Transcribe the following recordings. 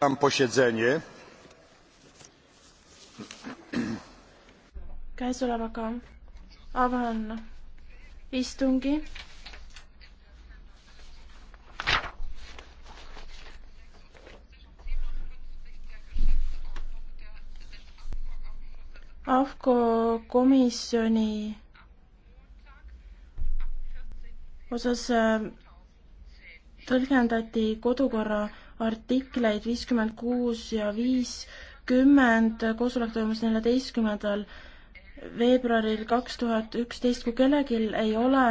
otwieram posiedzenie käesolevaga avan istungi AFCO komisjoni osas äh, tõlgendati kodukorra artikleid viiskümmend kuus ja viiskümmend, koosolek toimus neljateistkümnendal veebruaril kaks tuhat üksteist, kui kellelgi ei ole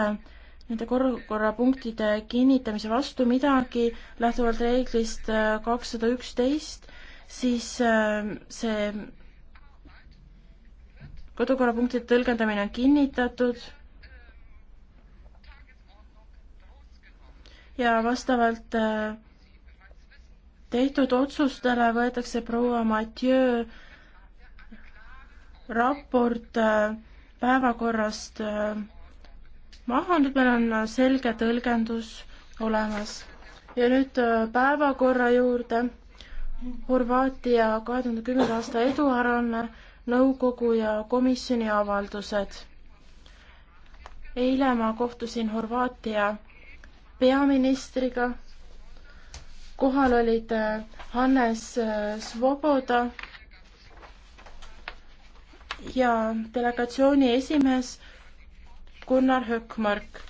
nende korrapunktide kinnitamise vastu midagi lähtuvalt reeglist äh, kakssada üksteist, siis äh, see kodukorrapunktide tõlgendamine on kinnitatud ja vastavalt äh, tehtud otsustele võetakse proua Mathieu raport äh, päevakorrast äh, maha, nüüd meil on äh, selge tõlgendus olemas. ja nüüd päevakorra juurde. Horvaatia kahe tuhande kümnenda aasta eduaruanne, nõukogu ja komisjoni avaldused. eile ma kohtusin Horvaatia peaministriga kohal olid äh, Hannes äh, Svoboda ja delegatsiooni esimees Gunnar Hökmark.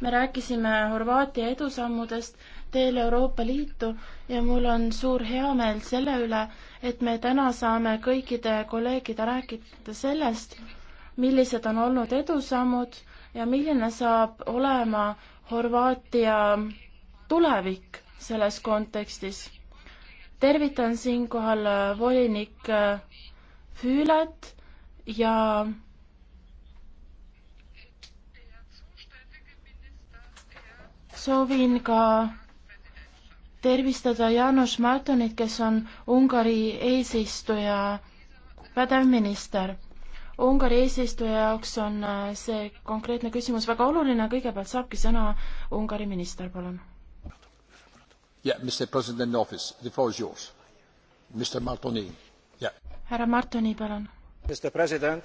me rääkisime Horvaatia edusammudest teel Euroopa Liitu ja mul on suur heameel selle üle, et me täna saame kõikide kolleegide rääkida sellest, millised on olnud edusammud ja milline saab olema Horvaatia tulevik selles kontekstis. tervitan siinkohal äh, volinik äh, Füület ja soovin ka tervistada Jaanus Martonit, kes on Ungari eesistuja pädev minister Ungari eesistuja jaoks on äh, see konkreetne küsimus väga oluline, kõigepealt saabki sõna Ungari minister, palun. härra Martoni, palun.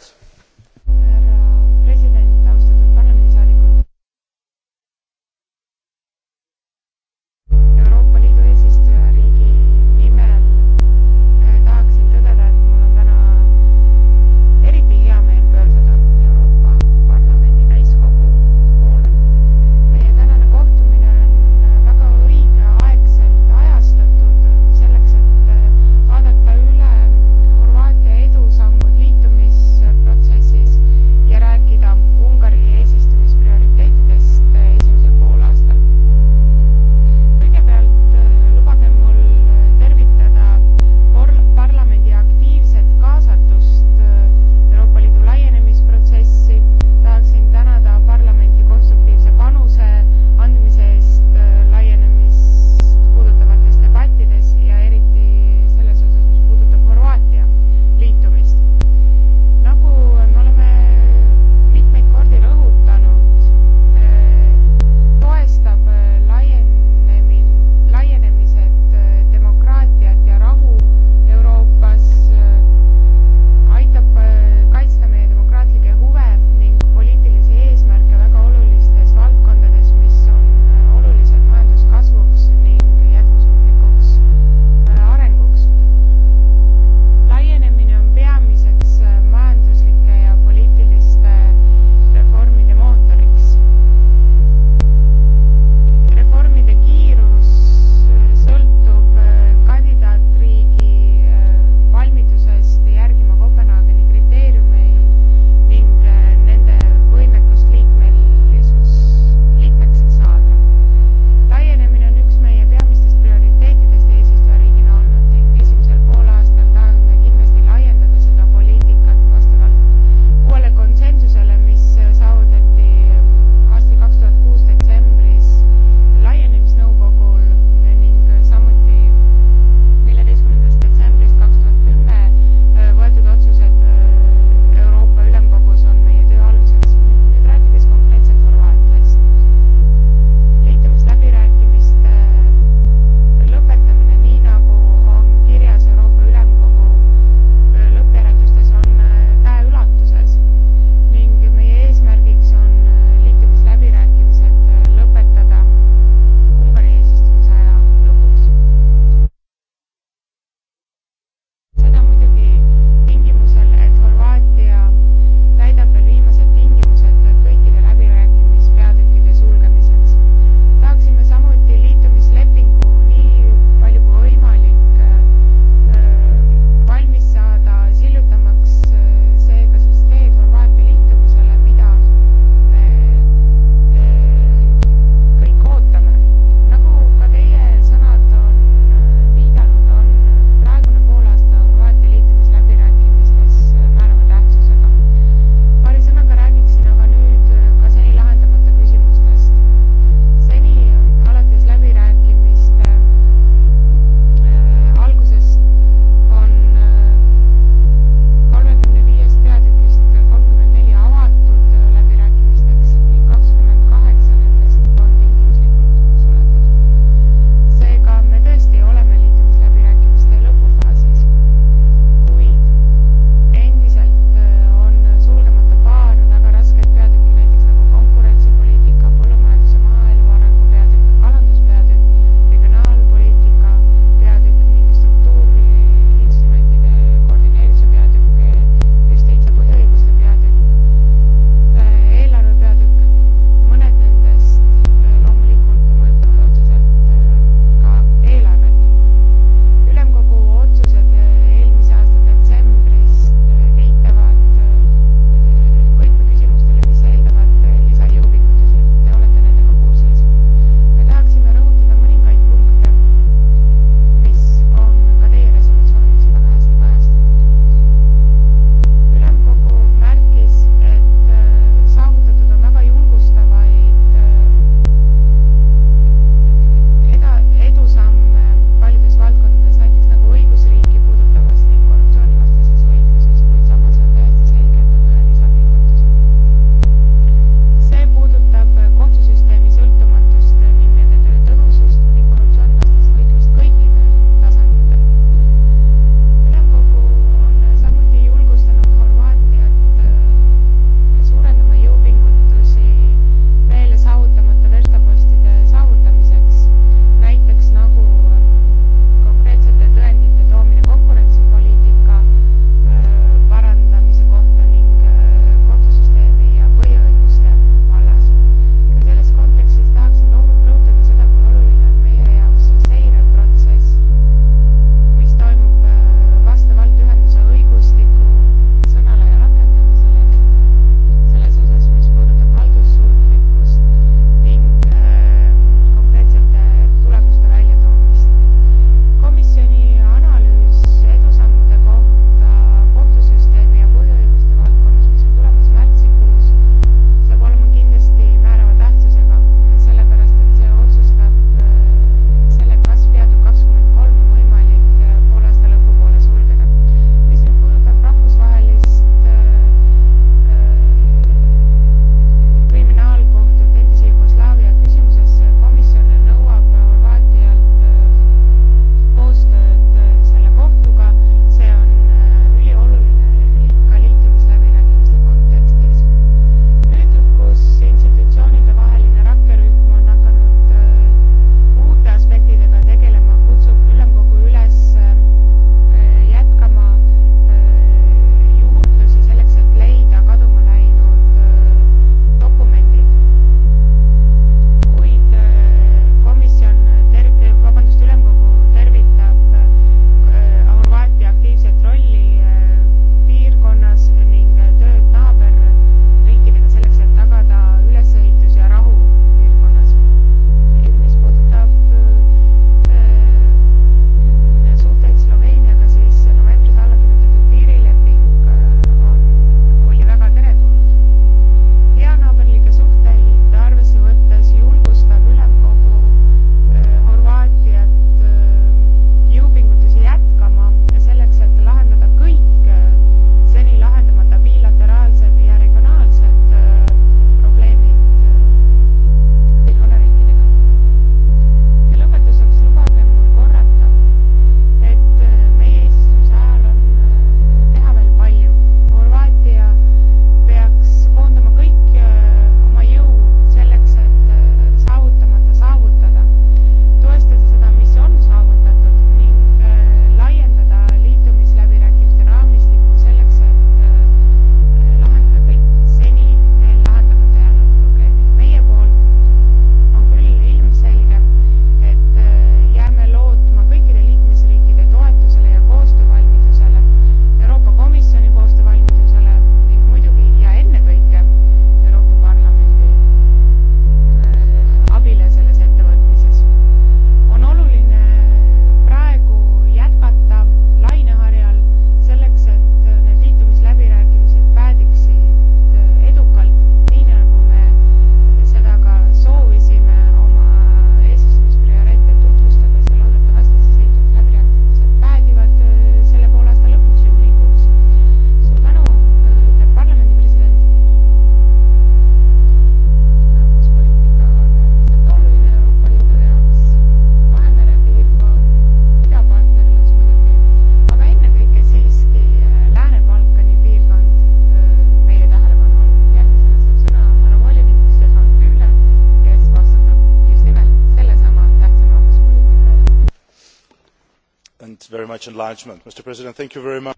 such enlargement. Mr President, thank you very much.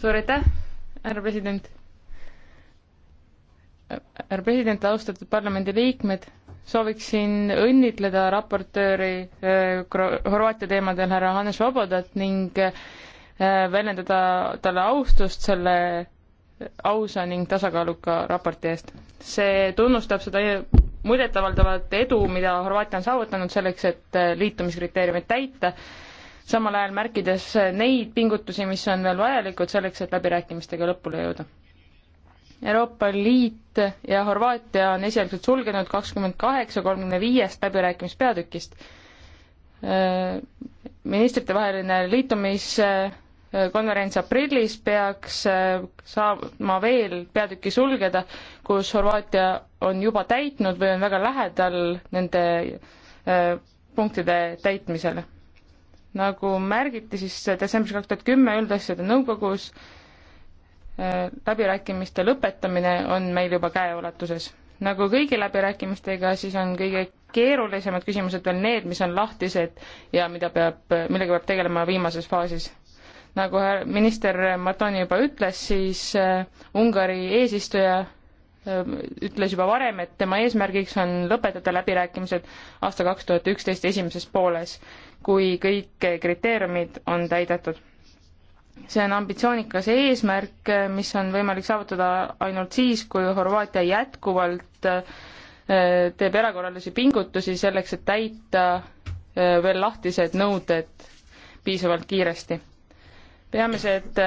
suur aitäh, härra president. härra president, austatud parlamendiliikmed, sooviksin õnnitleda raportööri äh, Horvaatia teemadel härra Hannes Vabodat ning äh, väljendada talle austust selle ausa ning tasakaaluka raporti eest. see tunnustab seda muljetavaldavat edu, mida Horvaatia on saavutanud selleks, et äh, liitumiskriteeriumid täita samal ajal märkides neid pingutusi, mis on veel vajalikud selleks, et läbirääkimistega lõpule jõuda. Euroopa Liit ja Horvaatia on esialgselt sulgenud kakskümmend kaheksa kolmekümne viiest läbirääkimispeatükist. ministritevaheline liitumiskonverents aprillis peaks saama veel peatüki sulgeda, kus Horvaatia on juba täitnud või on väga lähedal nende punktide täitmisele nagu märgiti, siis detsembris kaks tuhat kümme üldasjade nõukogus äh, läbirääkimiste lõpetamine on meil juba käeulatuses. nagu kõigi läbirääkimistega, siis on kõige keerulisemad küsimused veel need, mis on lahtised ja mida peab, millega peab tegelema viimases faasis. nagu minister Martoni juba ütles, siis äh, Ungari eesistuja ütles juba varem, et tema eesmärgiks on lõpetada läbirääkimised aasta kaks tuhat üksteist esimeses pooles, kui kõik kriteeriumid on täidetud. see on ambitsioonikas eesmärk, mis on võimalik saavutada ainult siis, kui Horvaatia jätkuvalt teeb erakorralisi pingutusi selleks, et täita veel lahtised nõuded piisavalt kiiresti. peamised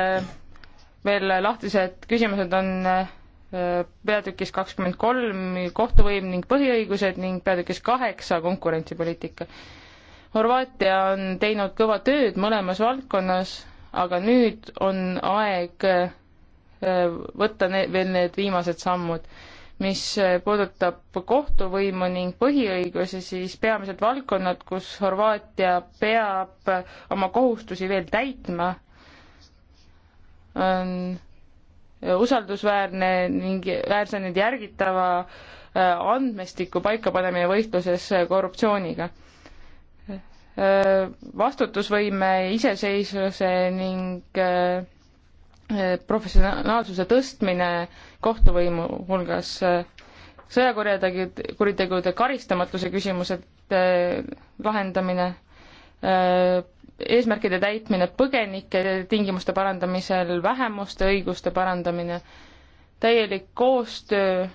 veel lahtised küsimused on peatükis kakskümmend kolm kohtuvõim ning põhiõigused ning peatükis kaheksa konkurentsipoliitika. Horvaatia on teinud kõva tööd mõlemas valdkonnas, aga nüüd on aeg äh, võtta ne-, veel need viimased sammud. mis äh, puudutab kohtuvõimu ning põhiõigusi, siis peamised valdkonnad, kus Horvaatia peab oma kohustusi veel täitma, on usaldusväärne ning väärse nüüd järgitava äh, andmestiku paikapanemine võitluses äh, korruptsiooniga. Äh, vastutusvõime, iseseisvuse ning professionaalsuse tõstmine kohtuvõimu hulgas, sõjakurjategijate, kuritegude karistamatuse küsimused lahendamine, eesmärkide täitmine põgenike tingimuste parandamisel, vähemuste õiguste parandamine, täielik koostöö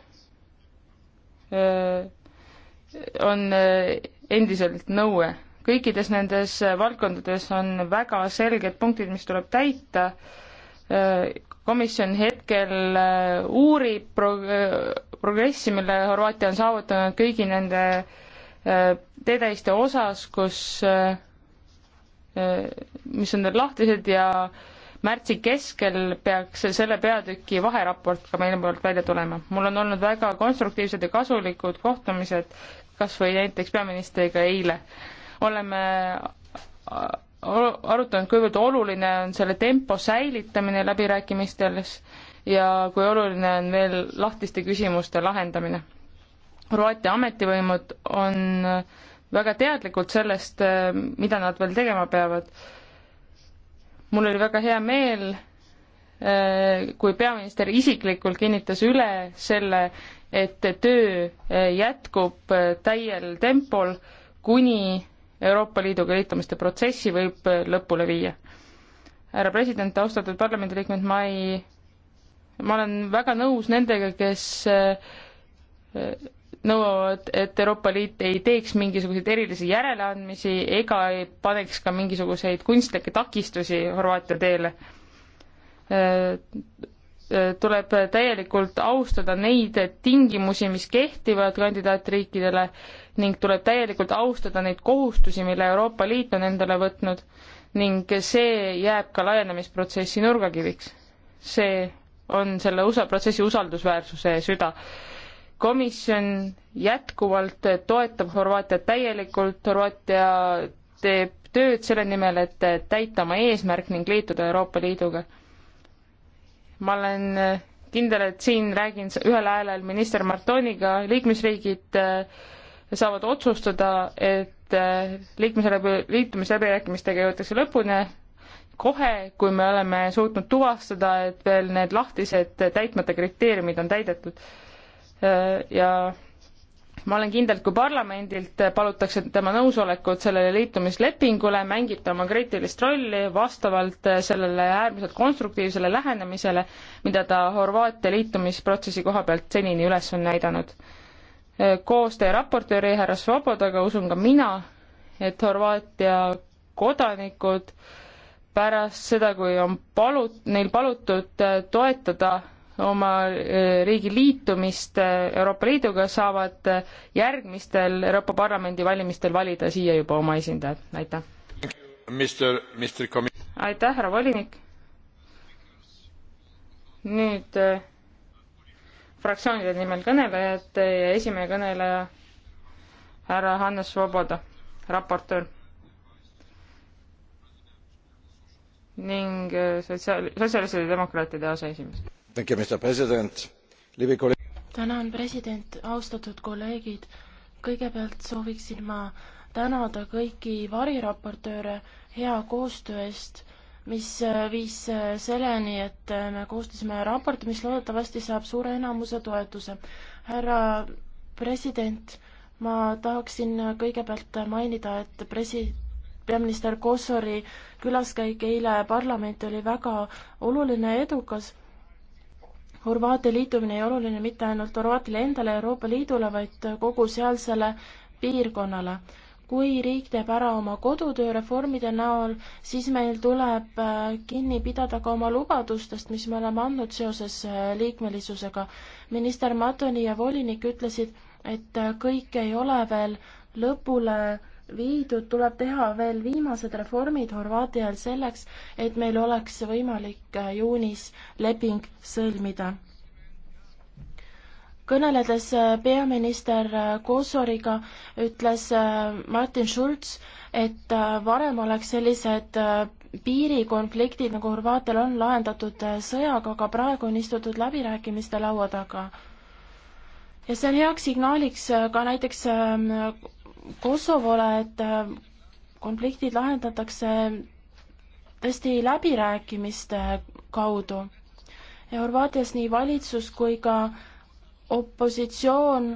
on endiselt nõue. kõikides nendes valdkondades on väga selged punktid, mis tuleb täita, komisjon hetkel uurib pro-, progressi, mille Horvaatia on saavutanud kõigi nende teetähiste osas, kus mis on veel lahtised ja märtsi keskel peaks selle peatüki vaheraport ka meie poolt välja tulema. mul on olnud väga konstruktiivsed ja kasulikud kohtumised, kas või näiteks peaministriga eile. oleme arutanud, kuivõrd oluline on selle tempo säilitamine läbirääkimistes ja kui oluline on veel lahtiste küsimuste lahendamine. Horvaatia ametivõimud on väga teadlikud sellest, äh, mida nad veel tegema peavad. mul oli väga hea meel, äh, kui peaminister isiklikult kinnitas üle selle, et töö äh, jätkub täiel tempol, kuni Euroopa Liiduga liitumiste protsessi võib lõpule viia. härra president, austatud parlamendiliikmed, ma ei, ma olen väga nõus nendega, kes nõuavad, et Euroopa Liit ei teeks mingisuguseid erilisi järeleandmisi ega ei paneks ka mingisuguseid kunstlikke takistusi Horvaatia teele. Äh, äh, tuleb täielikult austada neid tingimusi, mis kehtivad kandidaatriikidele ning tuleb täielikult austada neid kohustusi, mille Euroopa Liit on endale võtnud ning see jääb ka laienemisprotsessi nurgakiviks. see on selle USA protsessi usaldusväärsuse süda komisjon jätkuvalt toetab Horvaatiat täielikult, Horvaatia teeb tööd selle nimel, et täita oma eesmärk ning liituda Euroopa Liiduga. ma olen kindel, et siin räägin ühel häälel minister Martoniga, liikmesriigid äh, saavad otsustada, et äh, liikmesläbi, liitumisläbirääkimistega jõutakse lõpuni, kohe, kui me oleme suutnud tuvastada, et veel need lahtised täitmata kriteeriumid on täidetud Äh, ja ma olen kindel, et kui parlamendilt palutakse tema nõusolekut sellele liitumislepingule, mängib ta oma kriitilist rolli vastavalt sellele äärmiselt konstruktiivsele lähenemisele, mida ta Horvaatia liitumisprotsessi koha pealt senini üles on näidanud. Äh, koos teie raportööri härra Svobodaga usun ka mina, et Horvaatia kodanikud pärast seda, kui on palut-, neil palutud äh, toetada oma eh, riigi liitumist eh, Euroopa Liiduga, saavad eh, järgmistel Euroopa Parlamendi valimistel valida siia juba oma esindajad, aitäh. aitäh, härra volinik. nüüd äh, fraktsioonide nimel kõnelejad ja esimene kõneleja härra Hannes Svoboda, raportöör ning sotsiaal, sotsialistide demokraatide aseesimees tänan president austatud kolleegid kõigepealt sooviksin ma tänada kõiki variraportööre hea koostöö eest mis äh, viis äh, selleni et äh, me koostasime raporti mis loodetavasti saab suure enamuse toetuse härra president ma tahaksin kõigepealt mainida et presi- peaminister Kosori külaskäik eile parlamenti oli väga oluline ja edukas Horvaatia liitumine ei oluline mitte ainult Horvaatiale endale ja Euroopa Liidule, vaid kogu sealsele piirkonnale. kui riik teeb ära oma kodutöö reformide näol, siis meil tuleb äh, kinni pidada ka oma lubadustest, mis me oleme andnud seoses äh, liikmelisusega. minister Matoni ja volinik ütlesid, et äh, kõik ei ole veel lõpule viidud, tuleb teha veel viimased reformid Horvaatial selleks, et meil oleks võimalik äh, juunis leping sõlmida. kõneledes äh, peaminister äh, Kosoriga, ütles Martin Schulz, et varem oleks sellised piirikonfliktid, nagu Horvaatial on, lahendatud sõjaga, aga praegu on istutud läbirääkimiste laua taga. ja see on heaks signaaliks ka näiteks ähm, Kosovole, et äh, konfliktid lahendatakse tõesti läbirääkimiste kaudu. ja Horvaatias nii valitsus kui ka opositsioon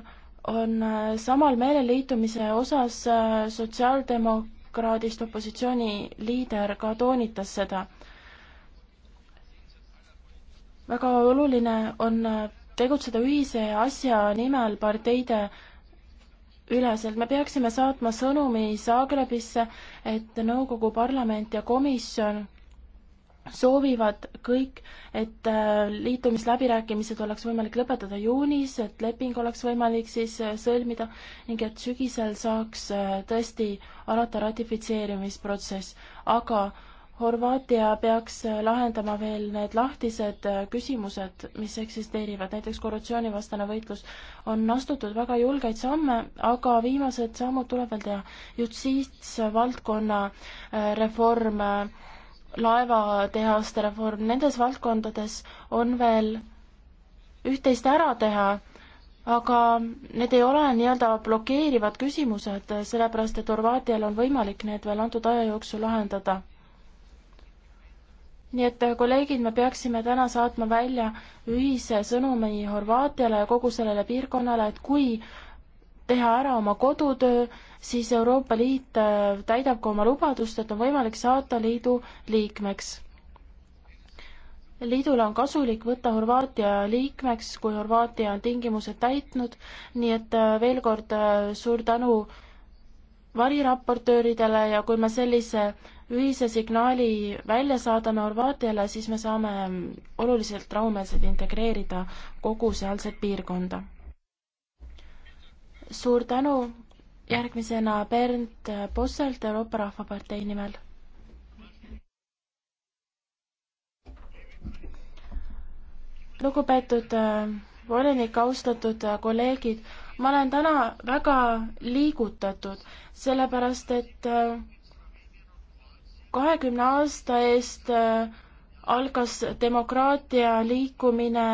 on äh, samal meelel liitumise osas, äh, sotsiaaldemokraadist opositsiooni liider ka toonitas seda. väga oluline on tegutseda ühise asja nimel parteide üleselt, me peaksime saatma sõnumi Zagrebisse, et nõukogu parlament ja komisjon soovivad kõik, et äh, liitumisläbirääkimised oleks võimalik lõpetada juunis, et leping oleks võimalik siis äh, sõlmida ning et sügisel saaks äh, tõesti alata ratifitseerimisprotsess, aga Horvaatia peaks lahendama veel need lahtised küsimused, mis eksisteerivad, näiteks korruptsioonivastane võitlus. on astutud väga julgeid samme, aga viimased sammud tuleb veel teha. justiitsvaldkonna äh, reform, äh, laevatehaste reform, nendes valdkondades on veel üht-teist ära teha aga need ei ole nii-öelda blokeerivad küsimused, sellepärast et Horvaatial on võimalik need veel antud aja jooksul lahendada nii et äh, kolleegid, me peaksime täna saatma välja ühise sõnumi Horvaatiale ja kogu sellele piirkonnale, et kui teha ära oma kodutöö, siis Euroopa Liit äh, täidab ka oma lubadust, et on võimalik saada liidu liikmeks. liidul on kasulik võtta Horvaatia liikmeks, kui Horvaatia on tingimused täitnud, nii et äh, veel kord suur tänu variraportööridele ja kui me sellise ühise signaali välja saadame Horvaatiale, siis me saame oluliselt rahumeelselt integreerida kogu sealset piirkonda. suur tänu, järgmisena Bernd Posselt Euroopa Rahvapartei nimel. lugupeetud äh, volinik, austatud äh, kolleegid ma olen täna väga liigutatud, sellepärast et äh, kahekümne aasta eest äh, algas demokraatia liikumine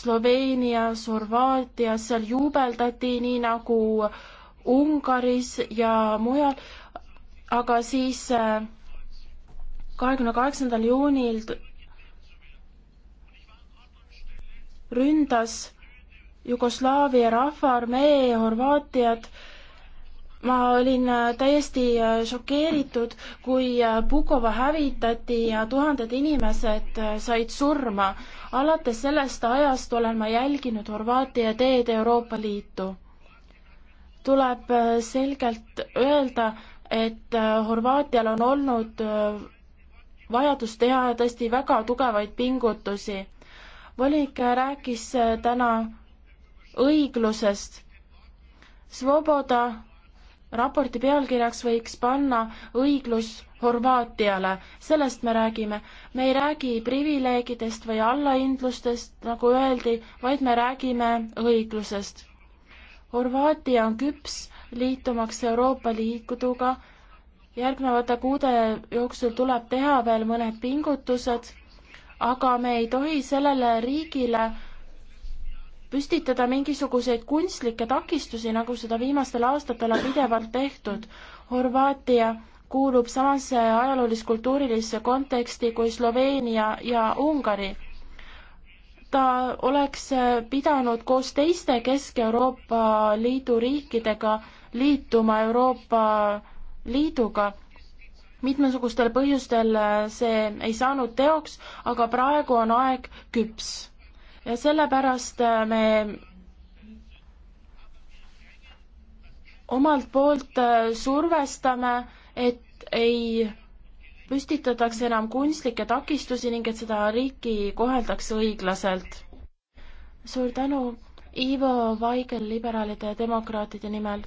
Sloveenias, Horvaatias, seal juubeldati nii nagu Ungaris ja mujal, aga siis äh, kahekümne kaheksandal juunil ründas Jugoslaavia rahvaarmee, Horvaatiat. ma olin äh, täiesti äh, šokeeritud, kui Pukova äh, hävitati ja tuhanded inimesed said surma. alates sellest ajast olen ma jälginud Horvaatia teed Euroopa Liitu. tuleb selgelt öelda, et Horvaatial on olnud vajadus teha tõesti väga tugevaid pingutusi. volinik rääkis täna õiglusest. Svoboda raporti pealkirjaks võiks panna õiglus Horvaatiale, sellest me räägime. me ei räägi privileegidest või allahindlustest, nagu öeldi, vaid me räägime õiglusest. Horvaatia on küps liitumaks Euroopa Liiduga. järgnevate kuude jooksul tuleb teha veel mõned pingutused, aga me ei tohi sellele riigile püstitada mingisuguseid kunstlikke takistusi, nagu seda viimastel aastatel on pidevalt tehtud. Horvaatia kuulub samasse ajaloolis-kultuurilisse konteksti kui Sloveenia ja Ungari. ta oleks pidanud koos teiste Kesk-Euroopa Liidu riikidega liituma Euroopa Liiduga. mitmesugustel põhjustel see ei saanud teoks, aga praegu on aeg küps ja sellepärast äh, me omalt poolt äh, survestame, et ei püstitatakse enam kunstlikke takistusi ning et seda riiki koheldakse õiglaselt. suur tänu, Ivo Vaigel liberaalide ja demokraatide nimel.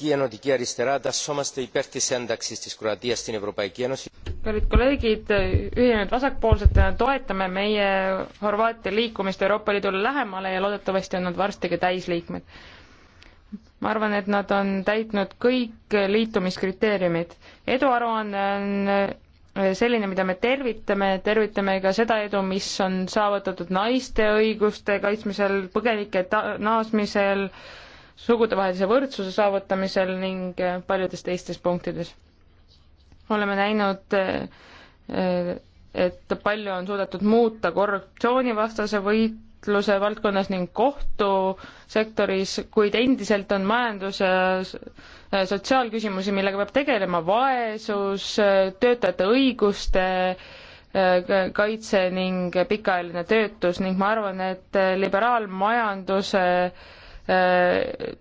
Ευρωπαϊκή Ενωτική Αριστερά τασσόμαστε υπέρ της ένταξης της Κροατίας στην Ευρωπαϊκή Ένωση. kallid kolleegid, ühinenud vasakpoolsetena toetame meie Horvaatia liikumist Euroopa Liidule lähemale ja loodetavasti on nad varsti ka täisliikmed. ma arvan, et nad on täitnud kõik liitumiskriteeriumid. eduaruanne on selline, mida me tervitame, tervitame ka seda edu, mis on saavutatud naiste õiguste kaitsmisel, põgenike naasmisel, sugudevahelise võrdsuse saavutamisel ning äh, paljudes teistes punktides. oleme näinud, äh, äh, et palju on suudetud muuta korruptsioonivastase võitluse valdkonnas ning kohtusektoris, kuid endiselt on majandus- ja sotsiaalküsimusi, millega peab tegelema, vaesus, töötajate õiguste kaitse ning pikaajaline töötus ning ma arvan, et liberaalmajanduse äh, Äh,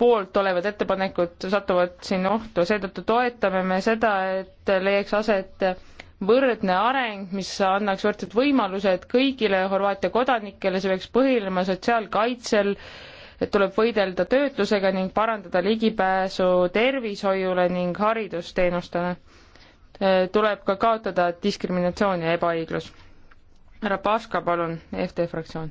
poolt olevad ettepanekud satuvad siin ohtu, seetõttu toetame me seda, et leiaks aset võrdne areng, mis annaks võrdsed võimalused kõigile Horvaatia kodanikele, see peaks põhinema sotsiaalkaitsel, et tuleb võidelda töötlusega ning parandada ligipääsu tervishoiule ning haridusteenustele. Äh, tuleb ka kaotada diskriminatsioon ja ebaõiglus. härra Paška, palun, EFT fraktsioon.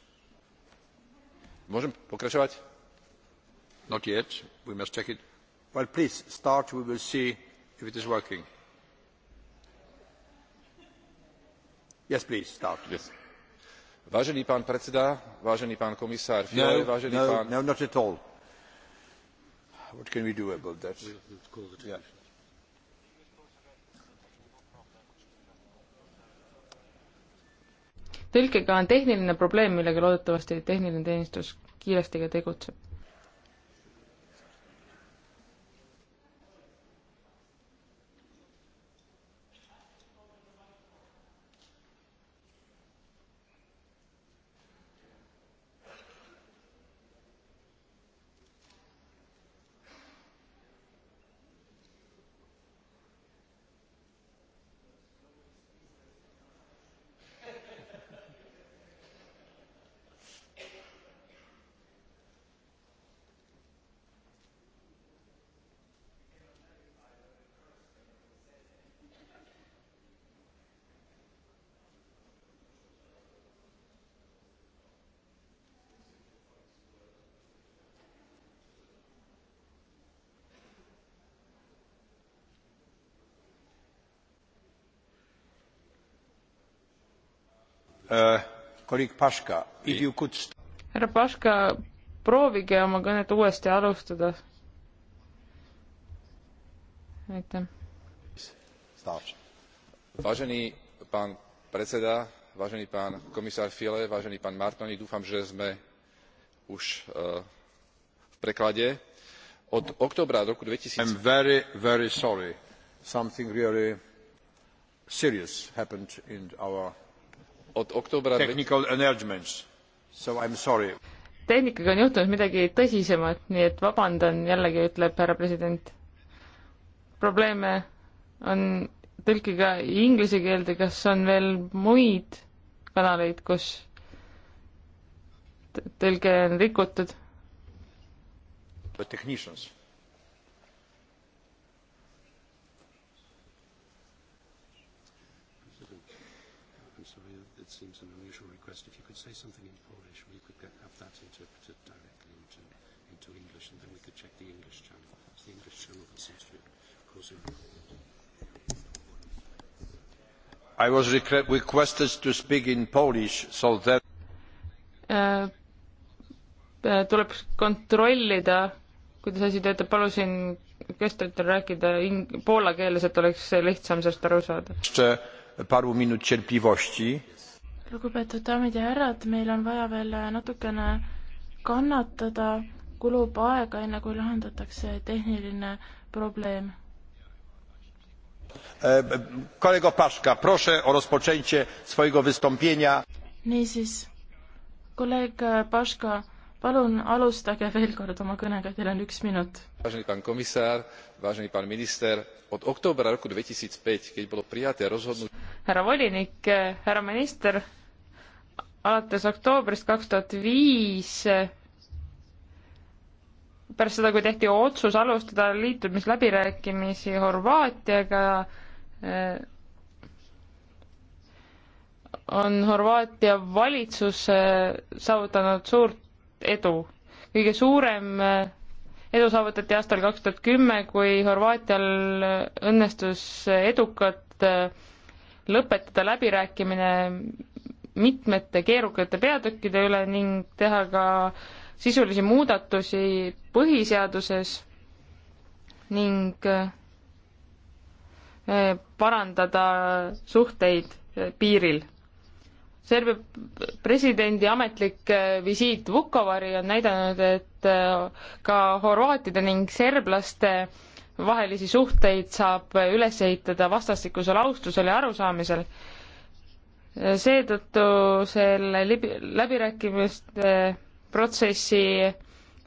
Môžem pokračovať? Not yet. We must check it. Well, please start. We will see if it is working. Yes, please start. Yes. Vážený pán predseda, vážený pán komisár Fiole, no, vážený no, pán... No, not at all. What can we do about that? We'll, we'll call the yeah. tõlkega on tehniline probleem, millega loodetavasti tehniline teenistus kiiresti ka tegutseb Uh, kolleeg Paška, if you could härra Paška, proovige oma kõnet uuesti alustada. aitäh. Vážený pán predseda, vážený pán komisár File, vážený pán Martoni, dúfam, že sme už uh, v preklade. Od oktobra roku 2000... I'm very, very sorry. Something really serious happened in our od októbra tehnikaga on juhtunud midagi tõsisemat, nii et vabandan jällegi, ütleb härra president. probleeme on tõlkiga inglise keelde, kas on veel muid kanaleid, kus tõlge on rikutud? Technicians I was requested to speak in Polish, so that äh, äh, tuleb kontrollida, kuidas asi töötab, palusin orkestritel rääkida in-, poola keeles, et oleks lihtsam sellest aru saada. paru minut tšerpivosti. lugupeetud daamid ja härrad, meil on vaja veel natukene kannatada, kulub aega, enne kui lahendatakse tehniline probleem E, kolego Paška, proszę o rozpoczęcie swojego wystąpienia. niisiis, kolleeg Paška, palun alustage veel kord oma kõnega, teil on üks minut. Vážený pán komisár, vážený pán minister, od októbra roku 2005, keď bolo prijaté rozhodnutie... Härra volinik, härra minister, alates oktoobrist 2005 pärast seda, kui tehti otsus alustada liitumisläbirääkimisi Horvaatiaga, eh, on Horvaatia valitsus eh, saavutanud suurt edu. kõige suurem eh, edu saavutati aastal kaks tuhat kümme, kui Horvaatial õnnestus edukalt lõpetada läbirääkimine mitmete keerukate peatükkide üle ning teha ka äh, sisulisi muudatusi põhiseaduses ning äh, parandada suhteid äh, piiril. Serbia presidendi ametlik äh, visiit Vukovari on näidanud, et ka horvaatide ning serblaste vahelisi suhteid saab üles ehitada vastastikusel austusel ja arusaamisel. seetõttu selle läbirääkimiste protsessi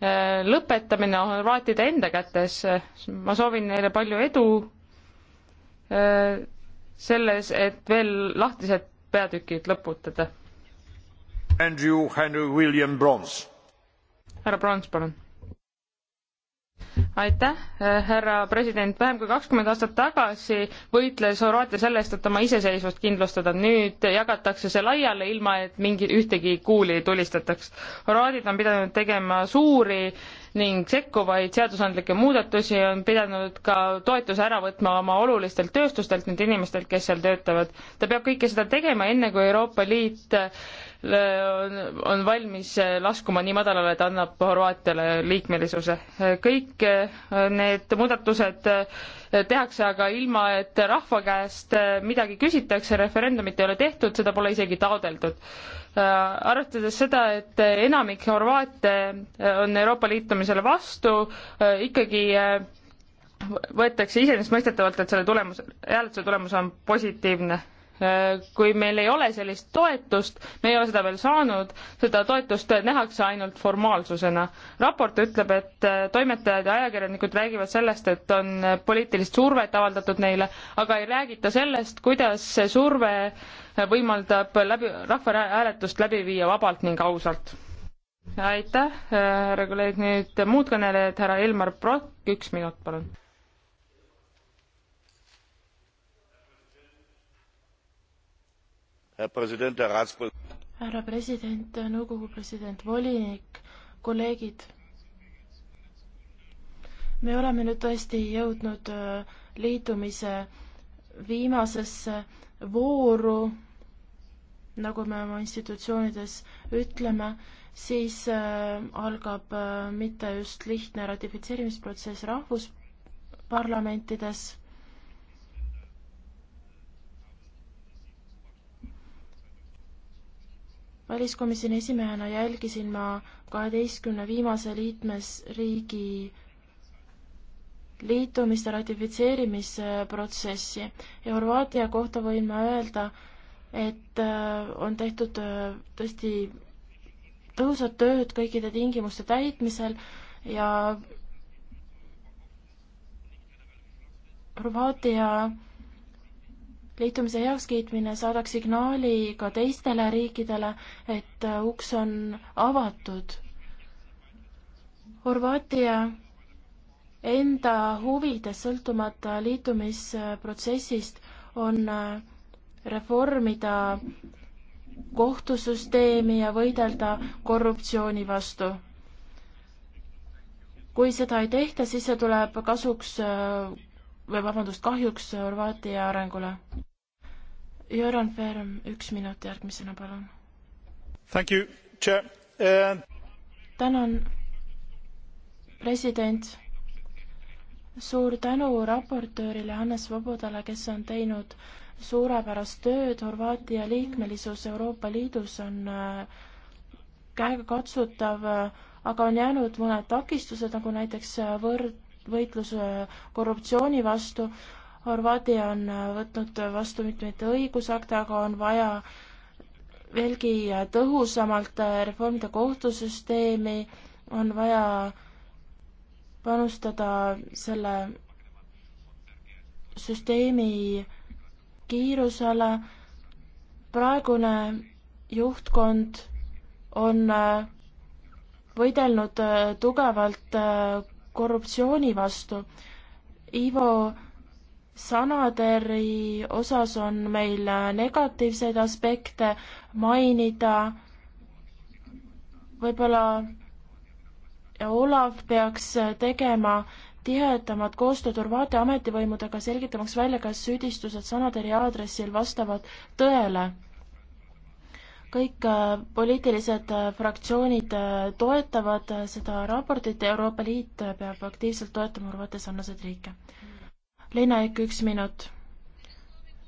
äh, lõpetamine on vaatide enda kätes. ma soovin neile palju edu äh, selles, et veel lahtised peatükid lõputada. Andrew Henry William Brons. härra Brons, palun aitäh, äh, härra president, vähem kui kakskümmend aastat tagasi võitles Horvaatia selle eest, et oma iseseisvust kindlustada, nüüd jagatakse see laiali, ilma et mingi, ühtegi kuuli tulistataks. horvaadid on pidanud tegema suuri ning sekkuvaid seadusandlikke muudatusi on pidanud ka toetuse ära võtma oma olulistelt tööstustelt, nendelt inimestelt, kes seal töötavad. ta peab kõike seda tegema, enne kui Euroopa Liit äh, on, on valmis äh, laskuma nii madalale, et annab Horvaatiale liikmelisuse. kõik äh, need muudatused tehakse aga ilma, et rahva käest midagi küsitakse, referendumit ei ole tehtud, seda pole isegi taodeldud Äh, arvestades seda, et enamik Horvaate äh, on Euroopa liitumisele vastu, äh, ikkagi võetakse iseenesestmõistetavalt, et selle tulemus, hääletuse tulemus on positiivne. Kui meil ei ole sellist toetust, me ei ole seda veel saanud, seda toetust nähakse ainult formaalsusena. raport ütleb, et toimetajad ja ajakirjanikud räägivad sellest, et on poliitilist survet avaldatud neile, aga ei räägita sellest, kuidas see surve äh, võimaldab läbi, rahvahääletust läbi viia vabalt ning ausalt. aitäh, härra kolleeg, nüüd muud kõnelejad, härra Elmar Brok, üks minut, palun. härra president, nõukogu president, volinik, kolleegid. me oleme nüüd tõesti jõudnud äh, liitumise viimasesse vooru, nagu me oma institutsioonides ütleme, siis äh, algab äh, mitte just lihtne ratifitseerimisprotsess rahvusparlamentides väliskomisjoni esimehena jälgisin ma kaheteistkümne viimase liikmesriigi liitumiste ratifitseerimisprotsessi ja Horvaatia kohta võin ma öelda, et äh, on tehtud äh, tõesti tõhusat tööd kõikide tingimuste täitmisel ja Horvaatia liitumise heakskiitmine saadaks signaali ka teistele riikidele, et äh, uks on avatud. Horvaatia enda huvides, sõltumata liitumisprotsessist, on äh, reformida kohtusüsteemi ja võidelda korruptsiooni vastu. kui seda ei tehta, siis see tuleb kasuks äh, või vabandust, kahjuks Horvaatia arengule. Jöran Ferm, üks minut järgmisena, palun. Thank you, chair uh.... tänan, president suur tänu raportöörile Hannes Vabodale, kes on teinud suurepärast tööd, Horvaatia liikmelisus Euroopa Liidus on äh, käegakatsutav, äh, aga on jäänud mõned takistused, nagu näiteks äh, võrd-, võitlus korruptsiooni vastu. Horvaatia on võtnud vastu mitmeid õigusakte, aga on vaja veelgi tõhusamalt reformida kohtusüsteemi, on vaja panustada selle süsteemi kiirusele. praegune juhtkond on äh, võidelnud äh, tugevalt äh, korruptsiooni vastu. Ivo Sanaderi osas on meil negatiivseid aspekte mainida. võib-olla Olav peaks tegema tihedamat koostööd Horvaatia ametivõimudega, selgitamaks välja, kas süüdistused Sanaderi aadressil vastavad tõele. kõik äh, poliitilised äh, fraktsioonid äh, toetavad seda raportit ja Euroopa Liit peab aktiivselt toetama Horvaatia sarnaseid riike. Leina Ekk, üks minut.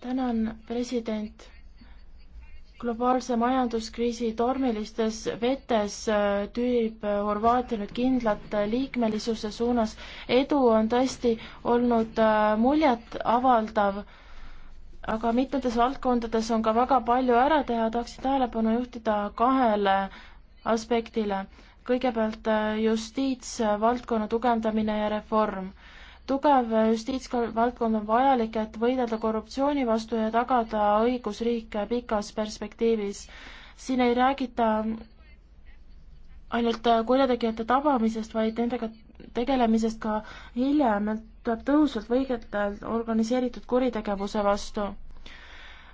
tänan, president globaalse majanduskriisi tormilistes vetes äh, tüürib äh, Horvaatia nüüd kindlat äh, liikmelisuse suunas. edu on tõesti olnud muljetavaldav, aga mitmetes valdkondades on ka väga palju ära teha, tahaksin tähelepanu juhtida kahele aspektile. kõigepealt justiitsvaldkonna tugevdamine ja reform tugev justiitsvaldkond on vajalik, et võidelda korruptsiooni vastu ja tagada õigusriik pikas perspektiivis. siin ei räägita ainult kurjategijate tabamisest, vaid nendega tegelemisest ka hiljem, et tuleb tõhusalt võidelda organiseeritud kuritegevuse vastu.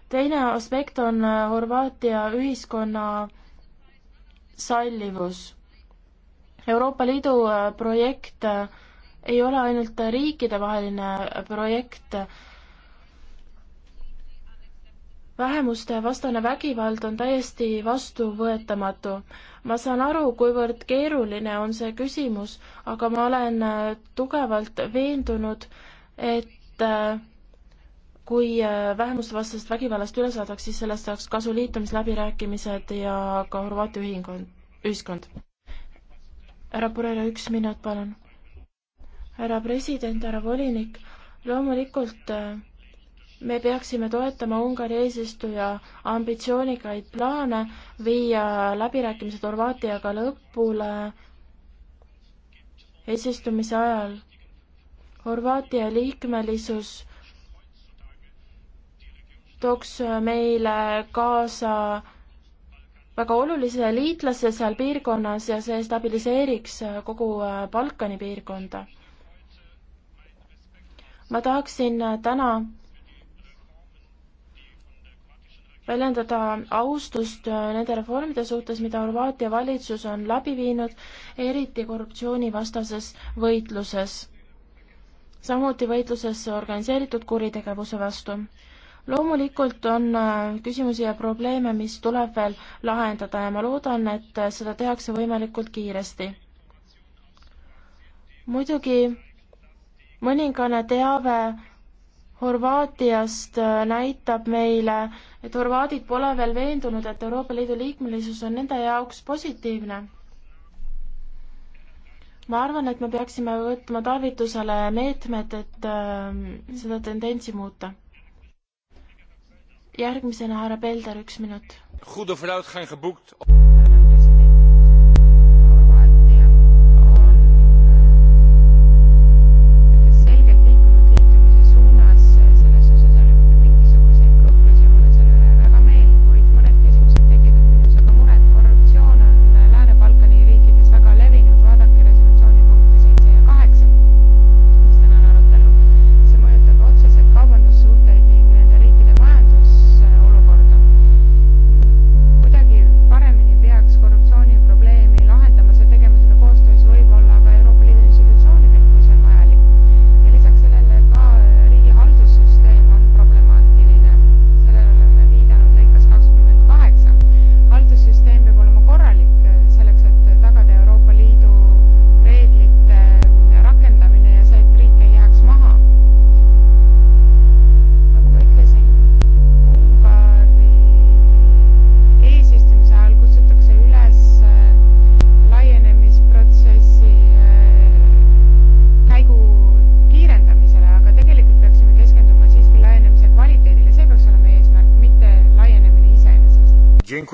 teine aspekt on Horvaatia ühiskonna sallivus. Euroopa Liidu projekt äh, ei ole ainult riikidevaheline projekt. vähemuste vastane vägivald on täiesti vastuvõetamatu. ma saan aru, kuivõrd keeruline on see küsimus, aga ma olen tugevalt veendunud, et kui vähemustevastasest vägivallast üle saadaks, siis sellest saaks kasu liitumisläbirääkimised ja ka Horvaatia ühiskond. härra Purele üks minut, palun härra president, härra volinik, loomulikult äh, me peaksime toetama Ungari eesistuja ambitsioonikaid plaane viia läbirääkimised Horvaatiaga lõpule eesistumise ajal. Horvaatia liikmelisus tooks meile kaasa väga olulise liitlase seal piirkonnas ja see stabiliseeriks kogu äh, Balkani piirkonda ma tahaksin äh, täna väljendada austust äh, nende reformide suhtes, mida Horvaatia valitsus on läbi viinud, eriti korruptsioonivastases võitluses, samuti võitluses organiseeritud kuritegevuse vastu. loomulikult on äh, küsimusi ja probleeme, mis tuleb veel lahendada ja ma loodan, et seda tehakse võimalikult kiiresti. muidugi mõningane teave Horvaatiast äh, näitab meile, et horvaadid pole veel veendunud, et Euroopa Liidu liikmelisus on nende jaoks positiivne. ma arvan, et me peaksime võtma tarvitusele meetmed, et äh, seda tendentsi muuta. järgmisena härra Pelder, üks minut. Goede vooruitgang geboekt.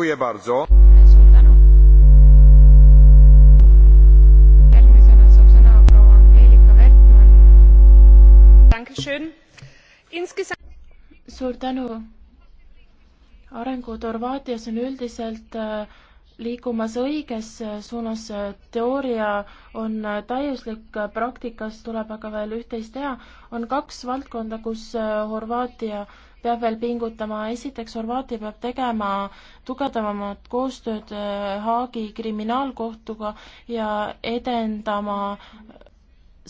dziękuję bardzo. suur tänu. arengud Horvaatias on üldiselt äh, liikumas õiges äh, suunas, äh, teooria on täiuslik, praktikas tuleb aga veel üht-teist teha. on kaks valdkonda, kus Horvaatia peab veel pingutama, esiteks Horvaatia peab tegema tugevdavamat koostööd äh, Haagi kriminaalkohtuga ja edendama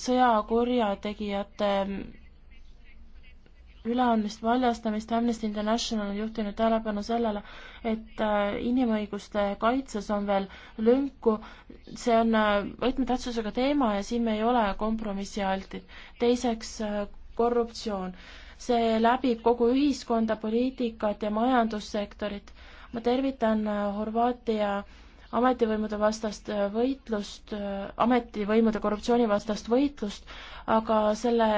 sõjakurjategijate mm, üleandmist, valjastamist, Amnesty International on juhtinud tähelepanu sellele, et äh, inimõiguste kaitses on veel lünku, see on äh, võtmetähtsusega teema ja siin me ei ole kompromissialtid. teiseks, korruptsioon see läbib kogu ühiskonda, poliitikat ja majandussektorit. ma tervitan äh, Horvaatia ametivõimude vastast äh, võitlust, äh, ametivõimude korruptsioonivastast võitlust, aga selle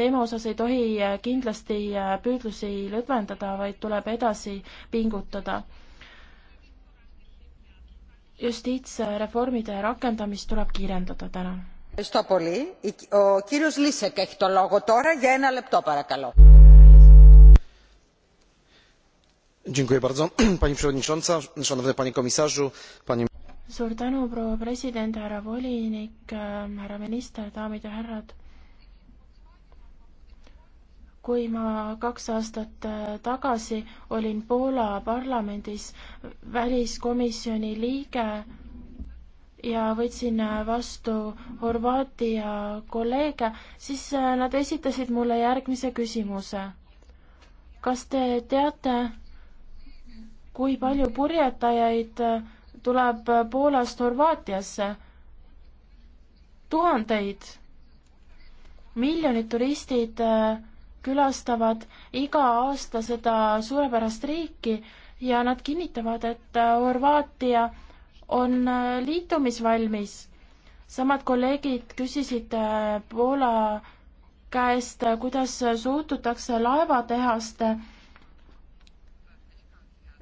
teema osas ei tohi kindlasti püüdlusi lõdvendada, vaid tuleb edasi pingutada. justiitsreformide rakendamist tuleb kiirendada, tänan pani przewodnicząca! szanowny panie komisarzu! suur tänu proua president härra volinik ähm, härra minister daamid ja härrad! kui ma kaks aastat äh, tagasi olin poola parlamendis väliskomisjoni liige ja võtsin äh, vastu Horvaatia kolleege, siis äh, nad esitasid mulle järgmise küsimuse. kas te teate, kui palju purjetajaid äh, tuleb Poolast Horvaatiasse? tuhandeid. miljonid turistid külastavad iga aasta seda suurepärast riiki ja nad kinnitavad, et Horvaatia äh, on äh, liitumisvalmis. samad kolleegid küsisid äh, Poola käest, äh, kuidas suututakse laevatehaste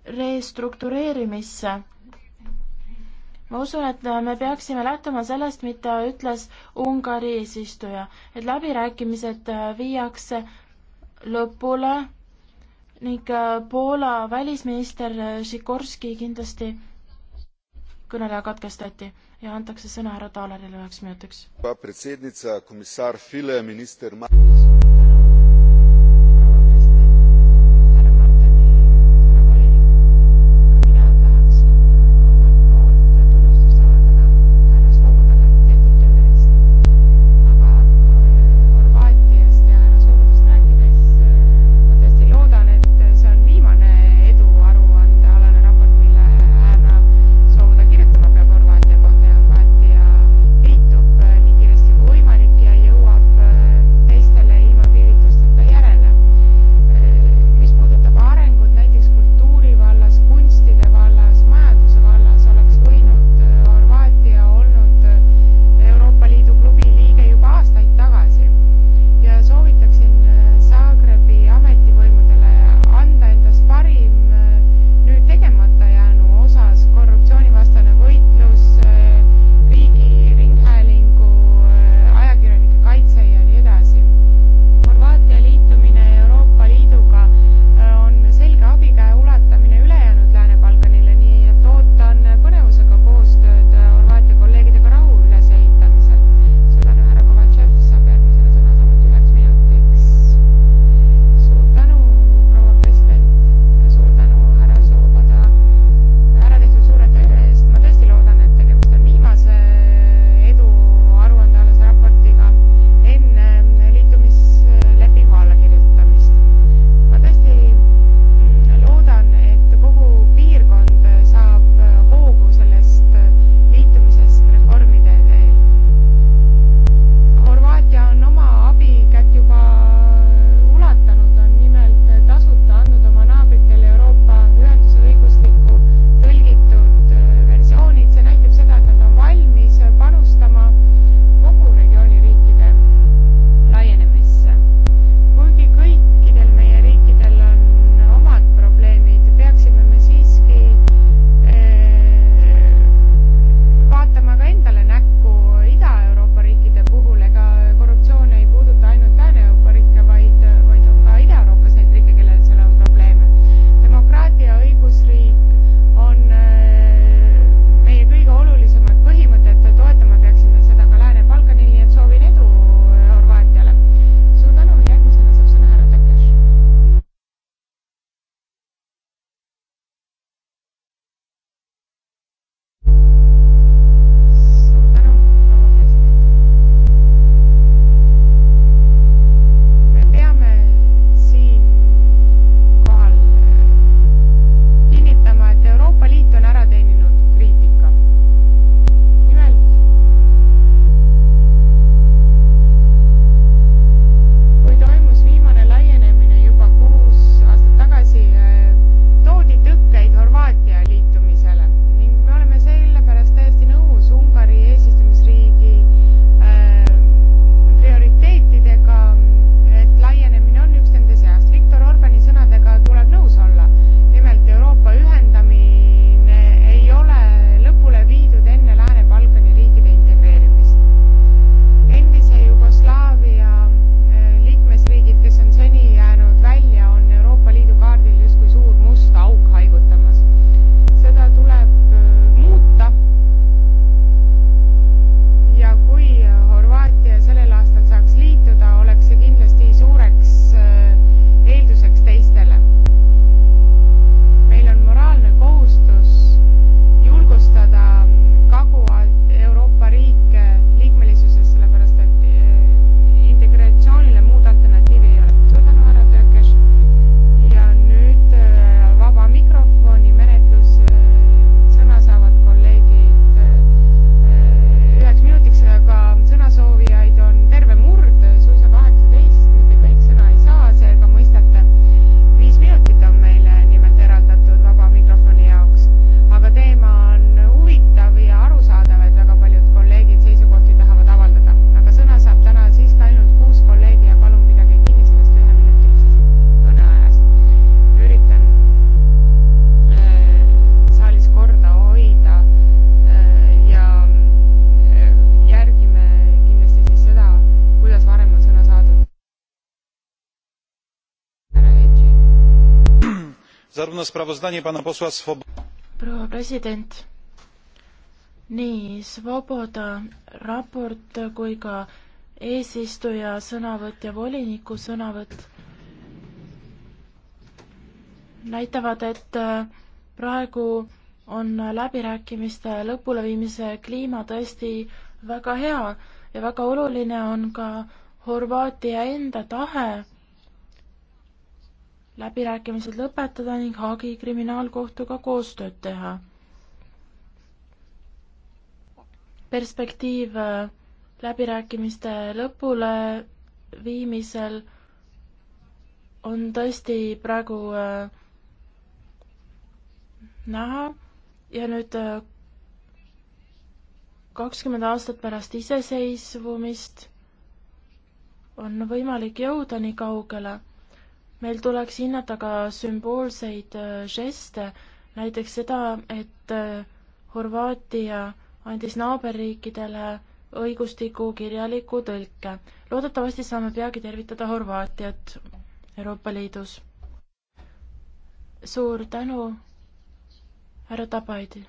restruktureerimisse. ma usun, et me peaksime lähtuma sellest, mida ütles Ungari eesistuja, et läbirääkimised viiakse lõpule ning Poola välisminister Sikorski kindlasti kõneleja katkestati ja antakse sõna härra Taalerile üheks minutiks. zarówno sprawozdanie pana posła swobody nii Svoboda raport kui ka eesistuja sõnavõtt ja voliniku sõnavõtt näitavad, et äh, praegu on läbirääkimiste lõpuleviimise kliima tõesti väga hea ja väga oluline on ka Horvaatia enda tahe läbirääkimised lõpetada ning Haagi kriminaalkohtuga koostööd teha. perspektiiv äh, läbirääkimiste lõpule viimisel on tõesti praegu äh, näha ja nüüd äh, kakskümmend aastat pärast iseseisvumist on võimalik jõuda nii kaugele meil tuleks hinnata ka sümboolseid äh, žeste, näiteks seda, et äh, Horvaatia andis naaberriikidele õigustiku kirjaliku tõlke. loodetavasti saame peagi tervitada Horvaatiat Euroopa Liidus. suur tänu, härra Tabaidi.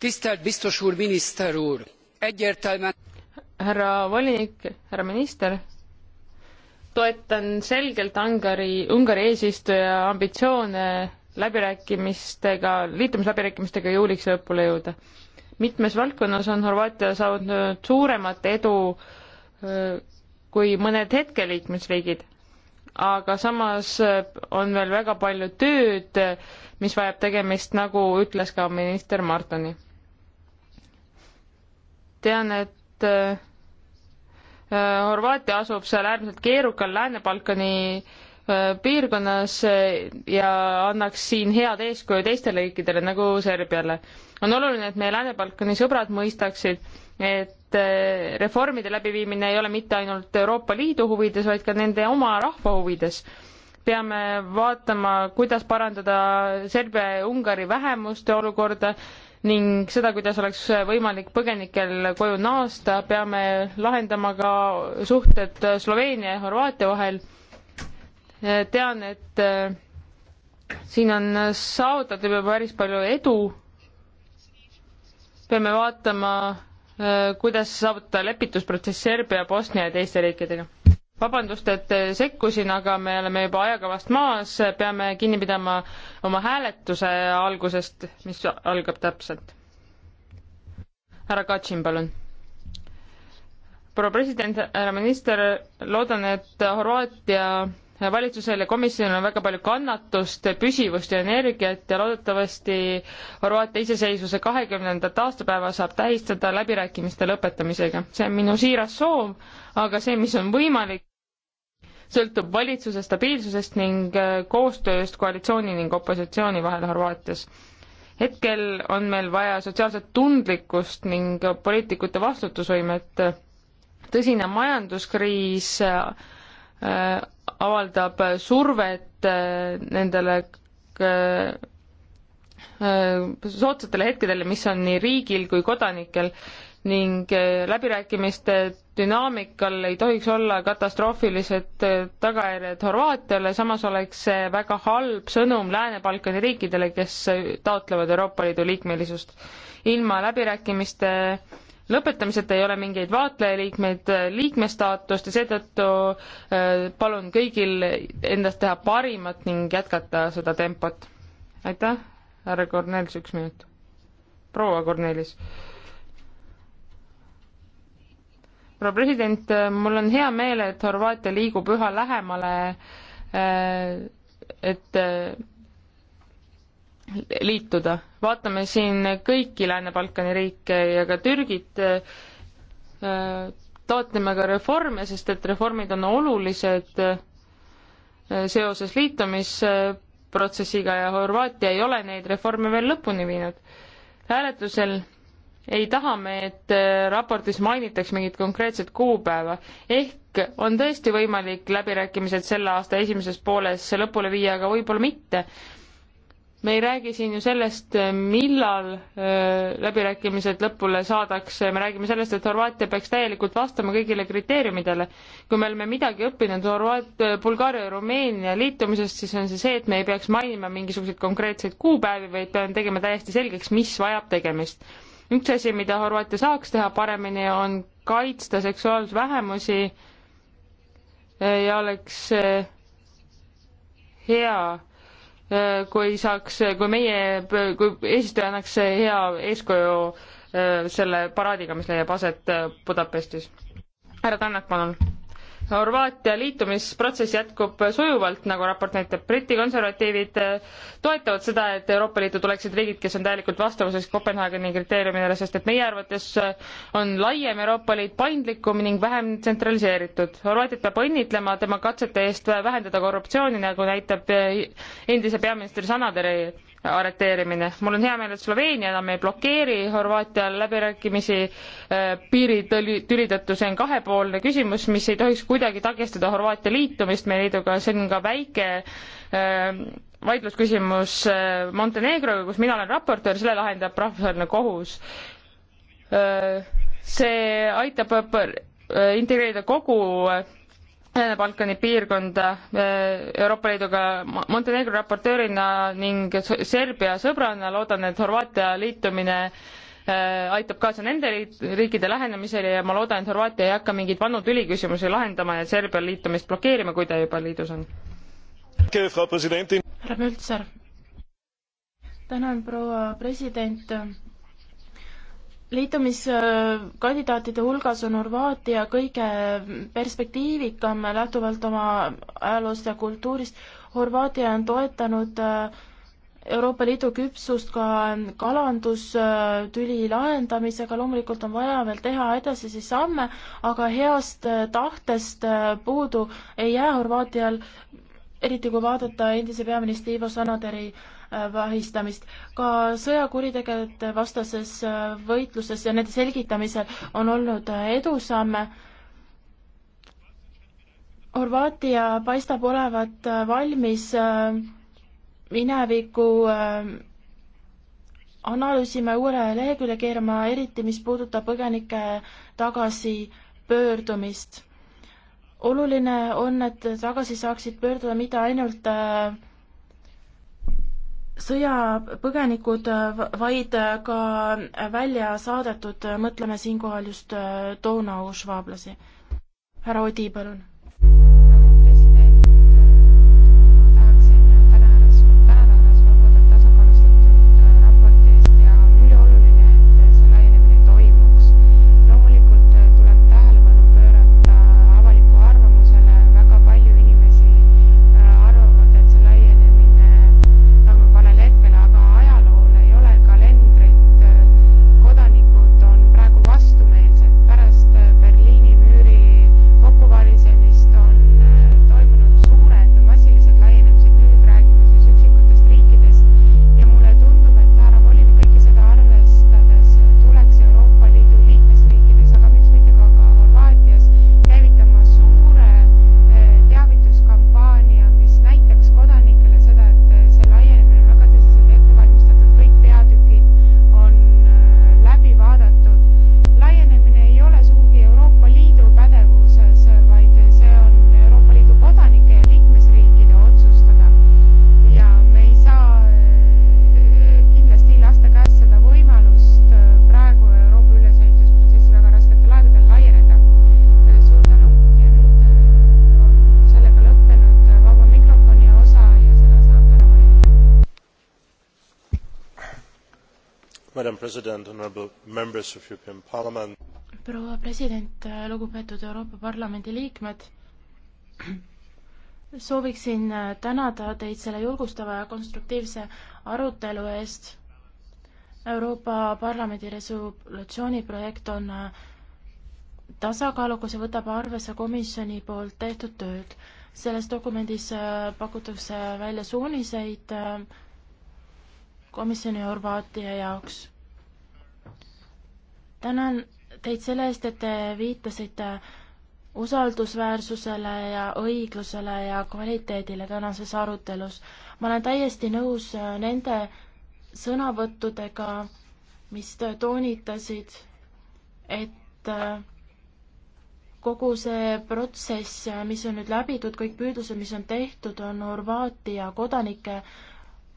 tisztelt biztos úr, miniszter úr, egyértelműen härra volinik, härra minister toetan selgelt Ungari, Ungari eesistuja ambitsioone läbirääkimistega, liitumisläbirääkimistega juuliks lõpule jõuda. mitmes valdkonnas on Horvaatia saavutanud suuremat edu kui mõned hetkeliikmesriigid, aga samas on veel väga palju tööd, mis vajab tegemist, nagu ütles ka minister Martoni. tean, et Äh, Horvaatia asub seal äärmiselt keerukal Lääne-Balkani äh, piirkonnas äh, ja annaks siin head eeskuju teistele riikidele nagu Serbiale. on oluline, et meie Lääne-Balkani sõbrad mõistaksid, et reformide läbiviimine ei ole mitte ainult Euroopa Liidu huvides, vaid ka nende oma rahva huvides. peame vaatama, kuidas parandada Serbia ja Ungari vähemuste olukorda, ning seda, kuidas oleks võimalik põgenikel koju naasta, peame lahendama ka suhted Sloveenia ja Horvaatia vahel. tean, et äh, siin on saavutatud juba päris palju edu. peame vaatama, äh, kuidas saavutada lepitusprotsess Serbia, Bosnia ja teiste riikidega vabandust, et sekkusin, aga me oleme juba ajakavast maas, peame kinni pidama oma hääletuse algusest, mis algab täpselt. härra Katšin, palun. proua president, härra minister, loodan, et Horvaatia valitsusel ja komisjonil on väga palju kannatust, püsivust ja energiat ja loodetavasti Horvaatia iseseisvuse kahekümnendat aastapäeva saab tähistada läbirääkimiste lõpetamisega. see on minu siiras soov, aga see, mis on võimalik, sõltub valitsuse stabiilsusest ning äh, koostööst koalitsiooni ning opositsiooni vahel Horvaatias. hetkel on meil vaja sotsiaalset tundlikkust ning poliitikute vastutusvõimet. tõsine majanduskriis äh, äh, avaldab survet nendele soodsatele hetkedele, mis on nii riigil kui kodanikel ning läbirääkimiste dünaamikal ei tohiks olla katastroofilised eh, tagajärjed Horvaatiale, samas oleks see väga halb sõnum Lääne-Balkani riikidele, kes eh, taotlevad Euroopa Liidu liikmelisust. ilma läbirääkimiste lõpetamiseta ei ole mingeid vaatlejaliikmeid, eh, liikmestaatust ja seetõttu palun kõigil endast teha parimat ning jätkata seda tempot. aitäh, härra Kornelis, üks minut. proua Kornelis proua president, mul on hea meel, et Horvaatia liigub üha lähemale, äh, et äh, liituda. vaatame siin kõiki Lääne-Balkani riike ja ka Türgit, äh, taotleme ka reforme, sest et reformid on olulised seoses liitumisprotsessiga ja Horvaatia ei ole neid reforme veel lõpuni viinud. hääletusel ei taha me, et äh, raportis mainitaks mingit konkreetset kuupäeva. ehk on tõesti võimalik läbirääkimised selle aasta esimeses pooles lõpule viia, aga võib-olla mitte. me ei räägi siin ju sellest, äh, millal äh, läbirääkimised lõpule saadakse, me räägime sellest, et Horvaatia peaks täielikult vastama kõigile kriteeriumidele. kui me oleme midagi õppinud Horvaat-, Bulgaaria ja Rumeenia liitumisest, siis on see see, et me ei peaks mainima mingisuguseid konkreetseid kuupäevi, vaid peame tegema täiesti selgeks, mis vajab tegemist üks asi, mida Horvaatia saaks teha paremini, on kaitsta seksuaalvähemusi eh, ja oleks eh, hea, eh, kui saaks, kui meie, kui eesistuja annaks hea eeskuju selle paraadiga, mis leiab aset Budapestis. härra Tannak, palun Horvaatia liitumisprotsess jätkub sujuvalt, nagu raport näitab. Briti konservatiivid eh, toetavad seda, et Euroopa Liitu tuleksid riigid, kes on täielikult vastavuses Kopenhaageni kriteeriumidele, sest et meie arvates eh, on laiem Euroopa Liit paindlikum ning vähem tsentraliseeritud. Horvaatiat peab õnnitlema tema katsete eest vähendada korruptsiooni, nagu näitab eh, endise peaministri Sanaderi arreteerimine. mul on hea meel, et Sloveenia enam ei blokeeri Horvaatial läbirääkimisi äh, piiritõli, tüli tõttu, see on kahepoolne küsimus, mis ei tohiks kuidagi takistada Horvaatia liitumist meie liiduga, see on ka väike äh, vaidlusküsimus äh, Montenegroga, kus mina olen raportöör, selle lahendab rahvusvaheline kohus. see aitab integreerida kogu Lääne-Balkani piirkonda eh, Euroopa Liiduga Montenegro raportöörina ning Serbia sõbrana loodan, et Horvaatia liitumine eh, aitab kaasa nende riikide lähenemisele ja ma loodan, et Horvaatia ei hakka mingeid vanu tüliküsimusi lahendama ja Serbia liitumist blokeerima, kui ta juba liidus on. härra Möltser. tänan, proua president liitumiskandidaatide hulgas on Horvaatia kõige perspektiivikam lähtuvalt oma ajaloost ja kultuurist. Horvaatia on toetanud äh, Euroopa Liidu küpsust ka äh, kalandustüli äh, lahendamisega, loomulikult on vaja veel teha edasisi samme, aga heast tahtest puudu ei jää Horvaatial, eriti kui vaadata endise peaministri Ivo Sanaderi äh, vahistamist. ka sõjakuritegelike vastases äh, võitluses ja nende selgitamisel on olnud äh, edusamme. Horvaatia paistab olevat äh, valmis mineviku analüüsime uuele lehekülje keerama, eriti mis puudutab põgenike tagasipöördumist. oluline on, et tagasi saaksid pöörduda mitte ainult äh, sõjapõgenikud, vaid ka välja saadetud, mõtleme siinkohal just äh, Donau švaablasi. härra Odi, palun proua president, lugupeetud Euroopa Parlamendi liikmed, sooviksin tänada teid selle julgustava ja konstruktiivse arutelu eest. Euroopa Parlamendi resolutsiooni projekt on tasakaalukas ja võtab arvesse komisjoni poolt tehtud tööd. selles dokumendis pakutakse välja suuniseid äh, komisjoni Horvaatia jaoks tänan teid selle eest, et te viitasite usaldusväärsusele ja õiglusele ja kvaliteedile tänases arutelus. ma olen täiesti nõus äh, nende sõnavõttudega, mis toonitasid, et äh, kogu see protsess, äh, mis on nüüd läbitud, kõik püüdlused, mis on tehtud, on Horvaatia kodanike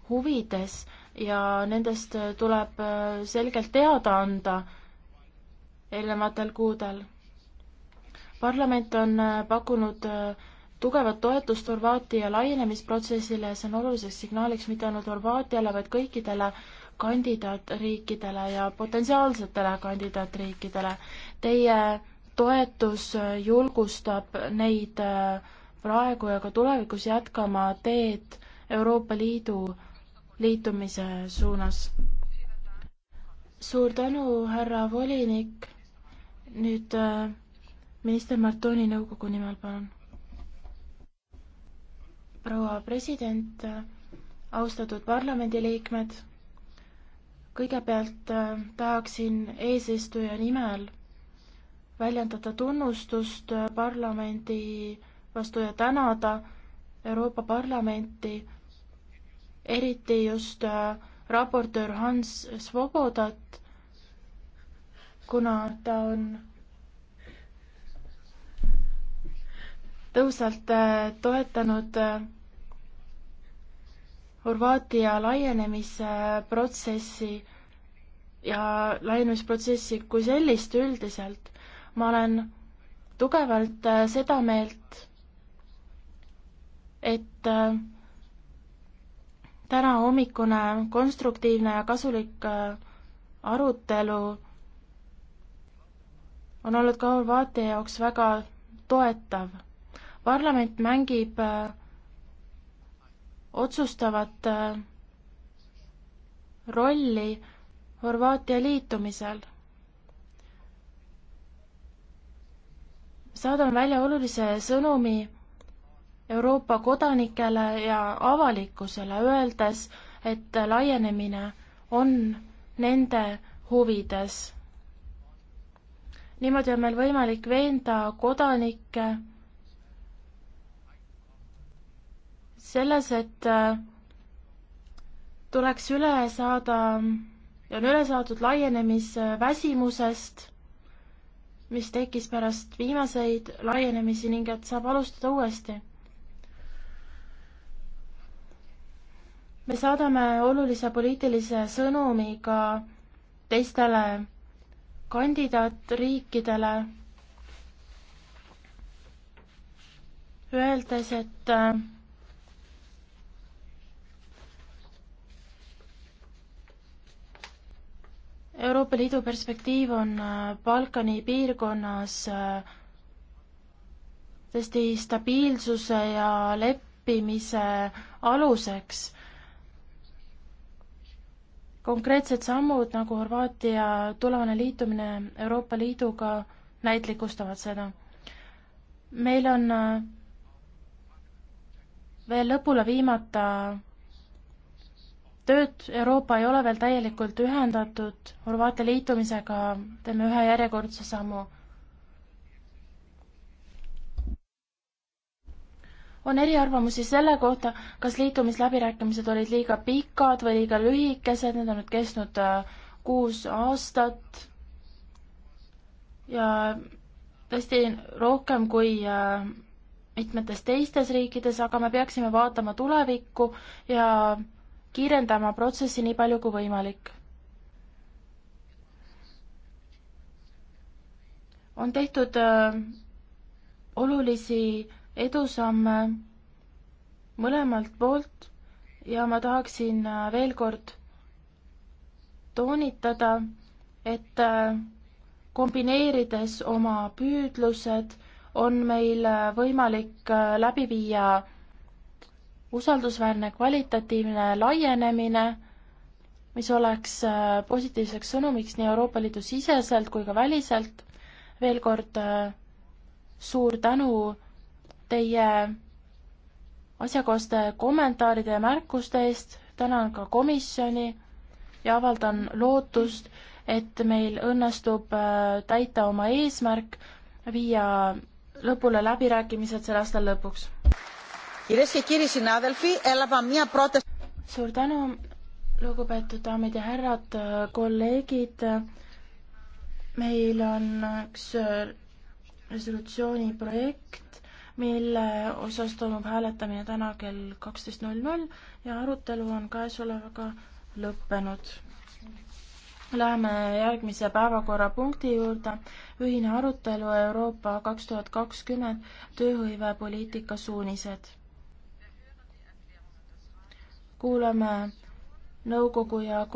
huvides ja nendest tuleb selgelt teada anda eelnevatel kuudel. parlament on äh, pakkunud äh, tugevat toetust Horvaatia laienemisprotsessile ja see on oluliseks signaaliks mitte ainult Horvaatiale, vaid kõikidele kandidaatriikidele ja potentsiaalsetele kandidaatriikidele. Teie toetus äh, julgustab neid praegu ja ka tulevikus jätkama teed Euroopa Liidu liitumise suunas. suur tänu, härra volinik nüüd äh, minister Martoni nõukogu nimel, palun. proua president, äh, austatud parlamendiliikmed, kõigepealt äh, tahaksin eesistuja nimel väljendada tunnustust parlamendi vastu ja tänada Euroopa Parlamenti, eriti just raportöör Hans Svobodat kuna ta on tõhusalt äh, toetanud äh, Horvaatia laienemisprotsessi ja laienemisprotsessi kui sellist üldiselt. ma olen tugevalt äh, seda meelt, et tänahommikune konstruktiivne ja kasulik arutelu on olnud ka Horvaatia jaoks väga toetav. parlament mängib äh, otsustavat äh, rolli Horvaatia liitumisel. saadame välja olulise sõnumi Euroopa kodanikele ja avalikkusele, öeldes, et laienemine on nende huvides niimoodi on meil võimalik veenda kodanikke selles, et äh, tuleks üle saada, on üle saadud laienemisväsimusest, mis tekkis pärast viimaseid laienemisi ning et saab alustada uuesti. me saadame olulise poliitilise sõnumi ka teistele kandidaatriikidele, öeldes, et äh, Euroopa Liidu perspektiiv on äh, Balkani piirkonnas äh, tõesti stabiilsuse ja leppimise aluseks konkreetsed sammud nagu Horvaatia tulevane liitumine Euroopa Liiduga näitlikustavad seda. meil on äh, veel lõpule viimata tööd, Euroopa ei ole veel täielikult ühendatud, Horvaatia liitumisega teeme ühe järjekordse sammu on eriarvamusi selle kohta, kas liitumisläbirääkimised olid liiga pikad või liiga lühikesed, need on nüüd kestnud äh, kuus aastat ja tõesti rohkem kui äh, mitmetes teistes riikides, aga me peaksime vaatama tulevikku ja kiirendama protsessi nii palju kui võimalik. on tehtud äh, olulisi edusamme mõlemalt poolt ja ma tahaksin äh, veel kord toonitada, et äh, kombineerides oma püüdlused, on meil äh, võimalik läbi viia usaldusväärne kvalitatiivne laienemine, mis oleks positiivseks sõnumiks nii Euroopa Liidu siseselt kui ka väliselt. veel kord suur tänu teie asjakohaste kommentaaride ja märkuste eest, tänan ka komisjoni ja avaldan lootust, et meil õnnestub äh, täita oma eesmärk, viia lõpule läbirääkimised selle aasta lõpuks. suur tänu, lugupeetud daamid ja härrad, äh, kolleegid. meil on üks äh, resolutsiooni projekt, mille osas toimub hääletamine täna kell kaksteist null null ja arutelu on käesolevaga lõppenud. Läheme järgmise päevakorrapunkti juurde, ühine arutelu Euroopa kaks tuhat kakskümmend tööhõivepoliitika suunised. kuulame nõukogu ja